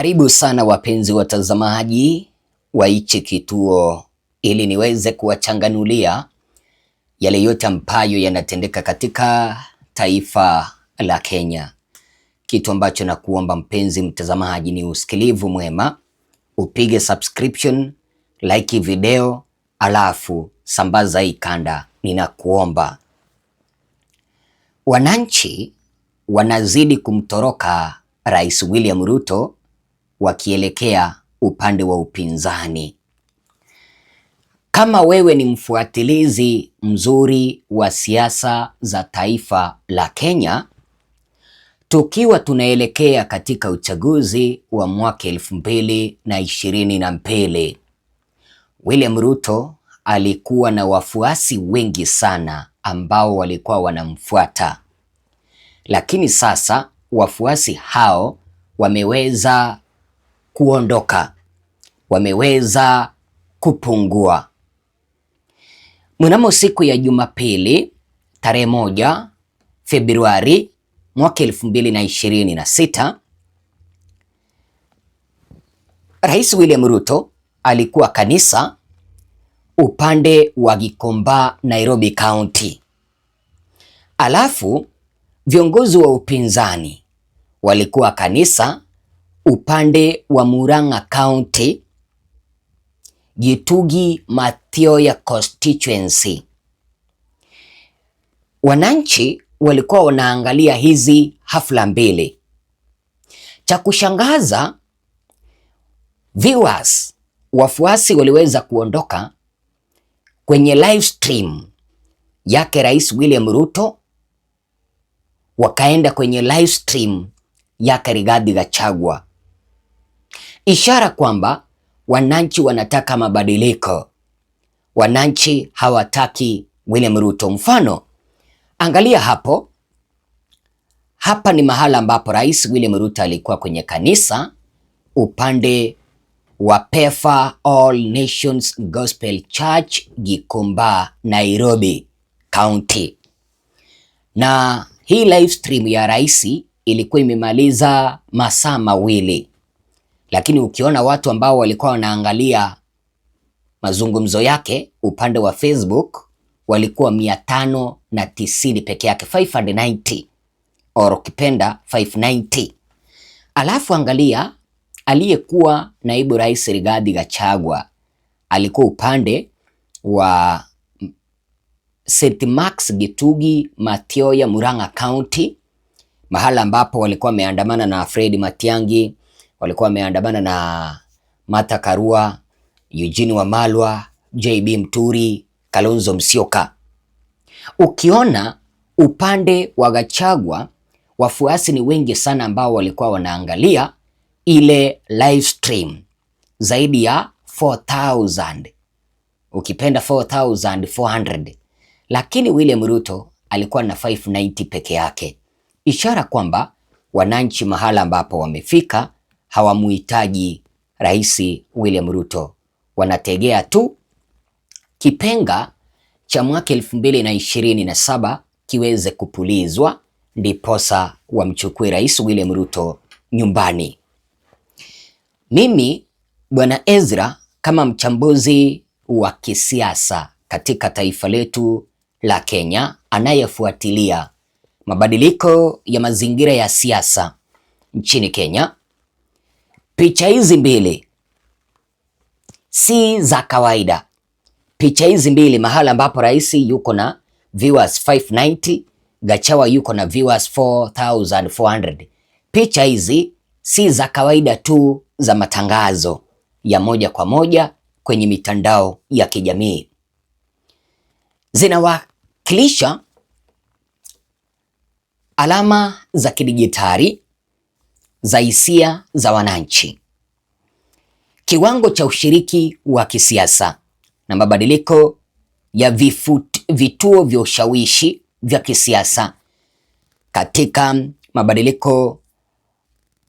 Karibu sana wapenzi watazamaji wa hichi kituo, ili niweze kuwachanganulia yale yote ambayo yanatendeka katika taifa la Kenya. Kitu ambacho nakuomba mpenzi mtazamaji ni usikilivu mwema, upige subscription, like video, alafu sambaza hii kanda, ninakuomba. Wananchi wanazidi kumtoroka Rais William Ruto wakielekea upande wa upinzani. Kama wewe ni mfuatilizi mzuri wa siasa za taifa la Kenya, tukiwa tunaelekea katika uchaguzi wa mwaka elfu mbili na ishirini na mbili, William Ruto alikuwa na wafuasi wengi sana ambao walikuwa wanamfuata, lakini sasa wafuasi hao wameweza kuondoka, wameweza kupungua. Mnamo siku ya Jumapili tarehe moja Februari mwaka elfu mbili na ishirini na sita Rais William Ruto alikuwa kanisa upande wa Gikomba, Nairobi County. Alafu viongozi wa upinzani walikuwa kanisa upande wa Murang'a County, Gitugi Mathioya constituency. Wananchi walikuwa wanaangalia hizi hafla mbili. Cha kushangaza, viewers wafuasi waliweza kuondoka kwenye live stream yake Rais William Ruto, wakaenda kwenye live stream yake Rigathi Gachagua ishara kwamba wananchi wanataka mabadiliko. Wananchi hawataki William Ruto. Mfano, angalia hapo hapa ni mahala ambapo Rais William Ruto alikuwa kwenye kanisa upande wa Pefa All Nations Gospel Church Gikomba, Nairobi County, na hii live stream ya rais ilikuwa imemaliza masaa mawili. Lakini ukiona watu ambao walikuwa wanaangalia mazungumzo yake upande wa Facebook walikuwa 590 peke yake 590 or ukipenda 590. Alafu angalia aliyekuwa naibu rais Rigathi Gachagua alikuwa upande wa St. Max Gitugi, matioya Murang'a County, mahala ambapo walikuwa wameandamana na Fred Matiangi walikuwa wameandamana na Martha Karua, Eugene Wamalwa, JB Mturi, Kalonzo Musyoka. Ukiona upande wa Gachagua wafuasi ni wengi sana ambao walikuwa wanaangalia ile live stream zaidi ya 4000 ukipenda 4400 lakini William Ruto alikuwa na 590 peke yake, ishara kwamba wananchi mahala ambapo wamefika hawamuhitaji Rais William Ruto, wanategea tu kipenga cha mwaka elfu mbili na ishirini na saba kiweze kupulizwa ndiposa wamchukue Rais William Ruto nyumbani. Mimi Bwana Ezra kama mchambuzi wa kisiasa katika taifa letu la Kenya anayefuatilia mabadiliko ya mazingira ya siasa nchini Kenya Picha hizi mbili si za kawaida. Picha hizi mbili, mahala ambapo rais yuko na viewers 590, Gachawa yuko na viewers 4400. Picha hizi si za kawaida tu za matangazo ya moja kwa moja kwenye mitandao ya kijamii, zinawakilisha alama za kidijitali za hisia za wananchi kiwango cha ushiriki wa kisiasa na mabadiliko ya vifut, vituo vya ushawishi vya kisiasa katika mabadiliko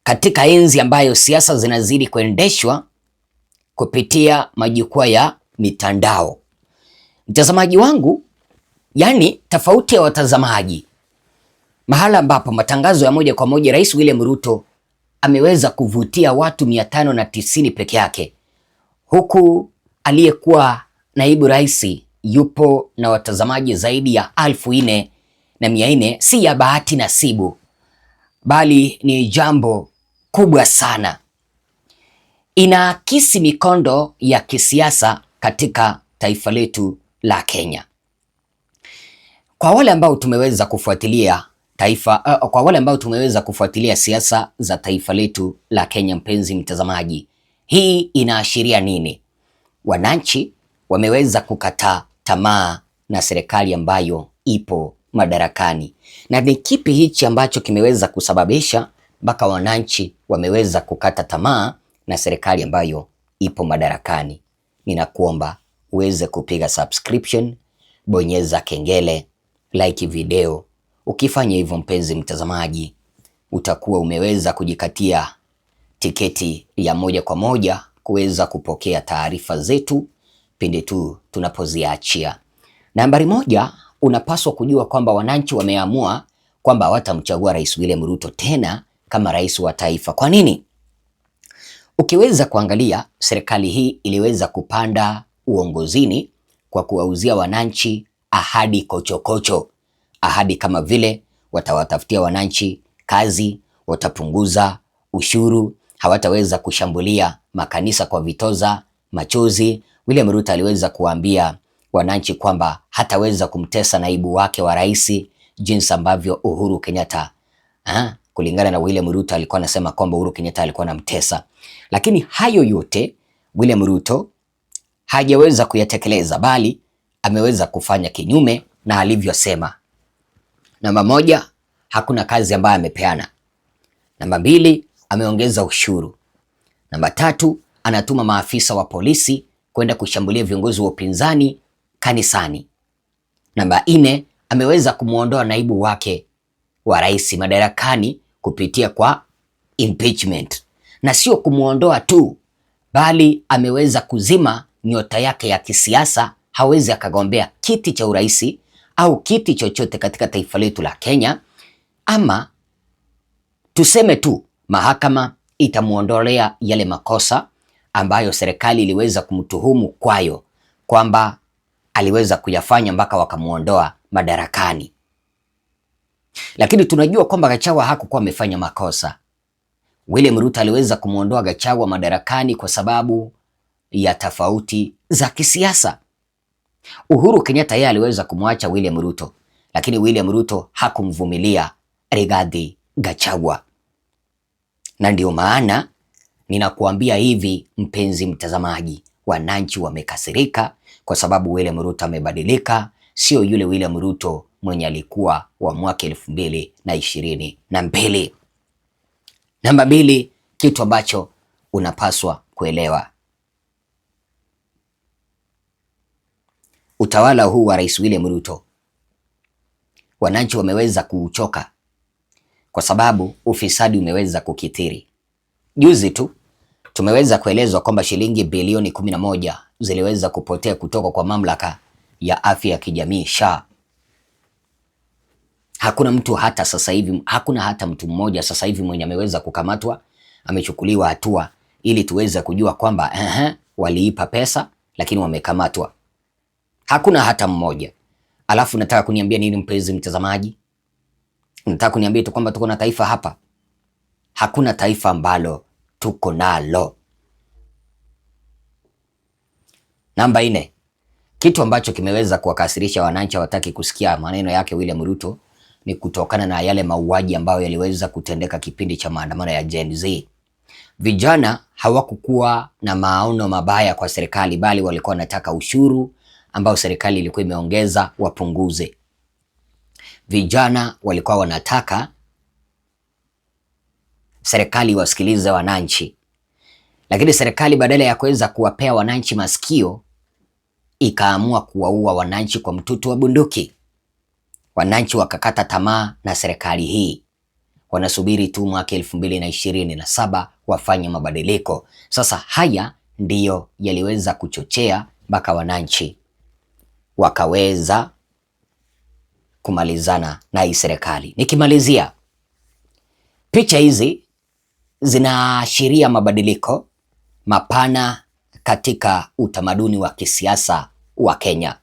katika enzi ambayo siasa zinazidi kuendeshwa kupitia majukwaa ya mitandao. Mtazamaji wangu, yani tofauti ya watazamaji, mahala ambapo matangazo ya moja kwa moja Rais William Ruto ameweza kuvutia watu mia tano na tisini peke yake, huku aliyekuwa naibu rais yupo na watazamaji zaidi ya alfu nne na mia nne. Si ya bahati nasibu, bali ni jambo kubwa sana. Inaakisi mikondo ya kisiasa katika taifa letu la Kenya. Kwa wale ambao tumeweza kufuatilia taifa uh, uh, kwa wale ambao tumeweza kufuatilia siasa za taifa letu la Kenya, mpenzi mtazamaji, hii inaashiria nini? Wananchi wameweza kukataa tamaa na serikali ambayo ipo madarakani, na ni kipi hichi ambacho kimeweza kusababisha mpaka wananchi wameweza kukata tamaa na serikali ambayo ipo madarakani? Ninakuomba uweze kupiga subscription, bonyeza kengele, like video Ukifanya hivyo, mpenzi mtazamaji, utakuwa umeweza kujikatia tiketi ya moja kwa moja kuweza kupokea taarifa zetu pindi tu tunapoziachia. Nambari moja, unapaswa kujua kwamba wananchi wameamua kwamba hawatamchagua Rais William Ruto tena kama rais wa taifa. Kwa nini? Ukiweza kuangalia serikali hii iliweza kupanda uongozini kwa kuwauzia wananchi ahadi kochokocho kocho ahadi kama vile watawatafutia wananchi kazi, watapunguza ushuru, hawataweza kushambulia makanisa kwa vitoza machozi. William Ruto aliweza kuwaambia wananchi kwamba hataweza kumtesa naibu wake wa rais jinsi ambavyo Uhuru Kenyatta ha? Ah, kulingana na William Ruto alikuwa anasema kwamba Uhuru Kenyatta alikuwa anamtesa, lakini hayo yote William Ruto hajaweza kuyatekeleza, bali ameweza kufanya kinyume na alivyosema. Namba moja, hakuna kazi ambayo amepeana. Namba mbili, ameongeza ushuru. Namba tatu, anatuma maafisa wa polisi kwenda kushambulia viongozi wa upinzani kanisani. Namba nne, ameweza kumwondoa naibu wake wa rais madarakani kupitia kwa impeachment, na sio kumwondoa tu, bali ameweza kuzima nyota yake ya kisiasa. Hawezi akagombea kiti cha urais au kiti chochote katika taifa letu la Kenya, ama tuseme tu mahakama itamuondolea yale makosa ambayo serikali iliweza kumtuhumu kwayo kwamba aliweza kuyafanya mpaka wakamuondoa madarakani. Lakini tunajua kwamba Gachagua hakukuwa amefanya makosa. William Ruto aliweza kumwondoa Gachagua madarakani kwa sababu ya tofauti za kisiasa. Uhuru Kenyatta yeye aliweza kumwacha William Ruto, lakini William Ruto hakumvumilia Rigathi Gachagua, na ndio maana ninakuambia hivi, mpenzi mtazamaji, wananchi wamekasirika kwa sababu William Ruto amebadilika, sio yule William Ruto mwenye alikuwa wa mwaka elfu mbili na ishirini na mbili. Namba mbili, kitu ambacho unapaswa kuelewa utawala huu wa Rais William Ruto. Wananchi wameweza kuuchoka kwa sababu ufisadi umeweza kukithiri. Juzi tu tumeweza kuelezwa kwamba shilingi bilioni 11 ziliweza kupotea kutoka kwa mamlaka ya afya ya kijamii SHA. Hakuna mtu hata sasa hivi, hakuna hata mtu mmoja sasa hivi mwenye ameweza kukamatwa, amechukuliwa hatua, ili tuweze kujua kwamba uh -huh, waliipa pesa lakini wamekamatwa hakuna hata mmoja. Alafu nataka kuniambia nini mpenzi mtazamaji? Nataka kuniambia tu kwamba tuko na taifa hapa? Hakuna taifa ambalo tuko nalo. Namba nne, kitu ambacho kimeweza kuwakasirisha wananchi hawataki kusikia maneno yake William Ruto ni kutokana na yale mauaji ambayo yaliweza kutendeka kipindi cha maandamano ya Gen Z. Vijana hawakukuwa na maono mabaya kwa serikali, bali walikuwa wanataka ushuru ambao serikali ilikuwa imeongeza wapunguze. Vijana walikuwa wanataka serikali wasikilize wananchi, lakini serikali badala ya kuweza kuwapea wananchi masikio ikaamua kuwaua wananchi kwa mtutu wa bunduki. Wananchi wakakata tamaa na serikali hii, wanasubiri tu mwaka elfu mbili na ishirini na saba wafanye mabadiliko. Sasa haya ndiyo yaliweza kuchochea mpaka wananchi wakaweza kumalizana na hii serikali. Nikimalizia, picha hizi zinaashiria mabadiliko mapana katika utamaduni wa kisiasa wa Kenya,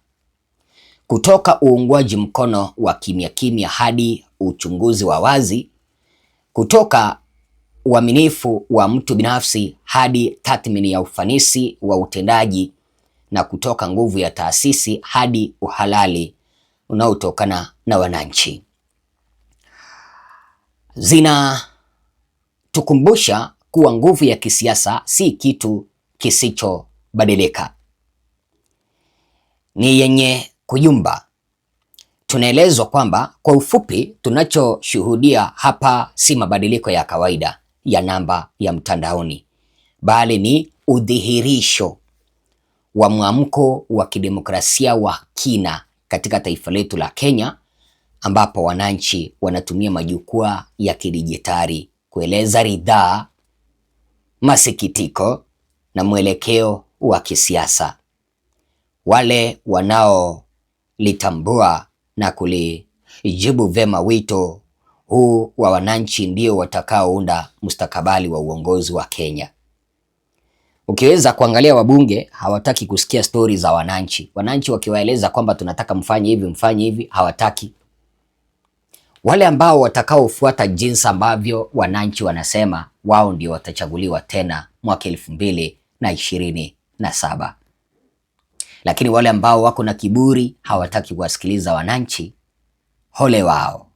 kutoka uungwaji mkono wa kimya kimya hadi uchunguzi wa wazi, kutoka uaminifu wa mtu binafsi hadi tathmini ya ufanisi wa utendaji na kutoka nguvu ya taasisi hadi uhalali unaotokana na wananchi. Zinatukumbusha kuwa nguvu ya kisiasa si kitu kisichobadilika, ni yenye kuyumba. Tunaelezwa kwamba kwa ufupi, tunachoshuhudia hapa si mabadiliko ya kawaida ya namba ya mtandaoni, bali ni udhihirisho wa mwamko wa kidemokrasia wa kina katika taifa letu la Kenya, ambapo wananchi wanatumia majukwaa ya kidijitali kueleza ridhaa, masikitiko na mwelekeo wa kisiasa. Wale wanaolitambua na kulijibu vema wito huu wa wananchi ndio watakaounda mustakabali wa uongozi wa Kenya. Ukiweza kuangalia wabunge hawataki kusikia stori za wananchi. Wananchi wakiwaeleza kwamba tunataka mfanye hivi mfanye hivi, hawataki. Wale ambao watakaofuata jinsi ambavyo wananchi wanasema, wao ndio watachaguliwa tena mwaka elfu mbili na ishirini na saba. Lakini wale ambao wako na kiburi hawataki kuwasikiliza wananchi, hole wao.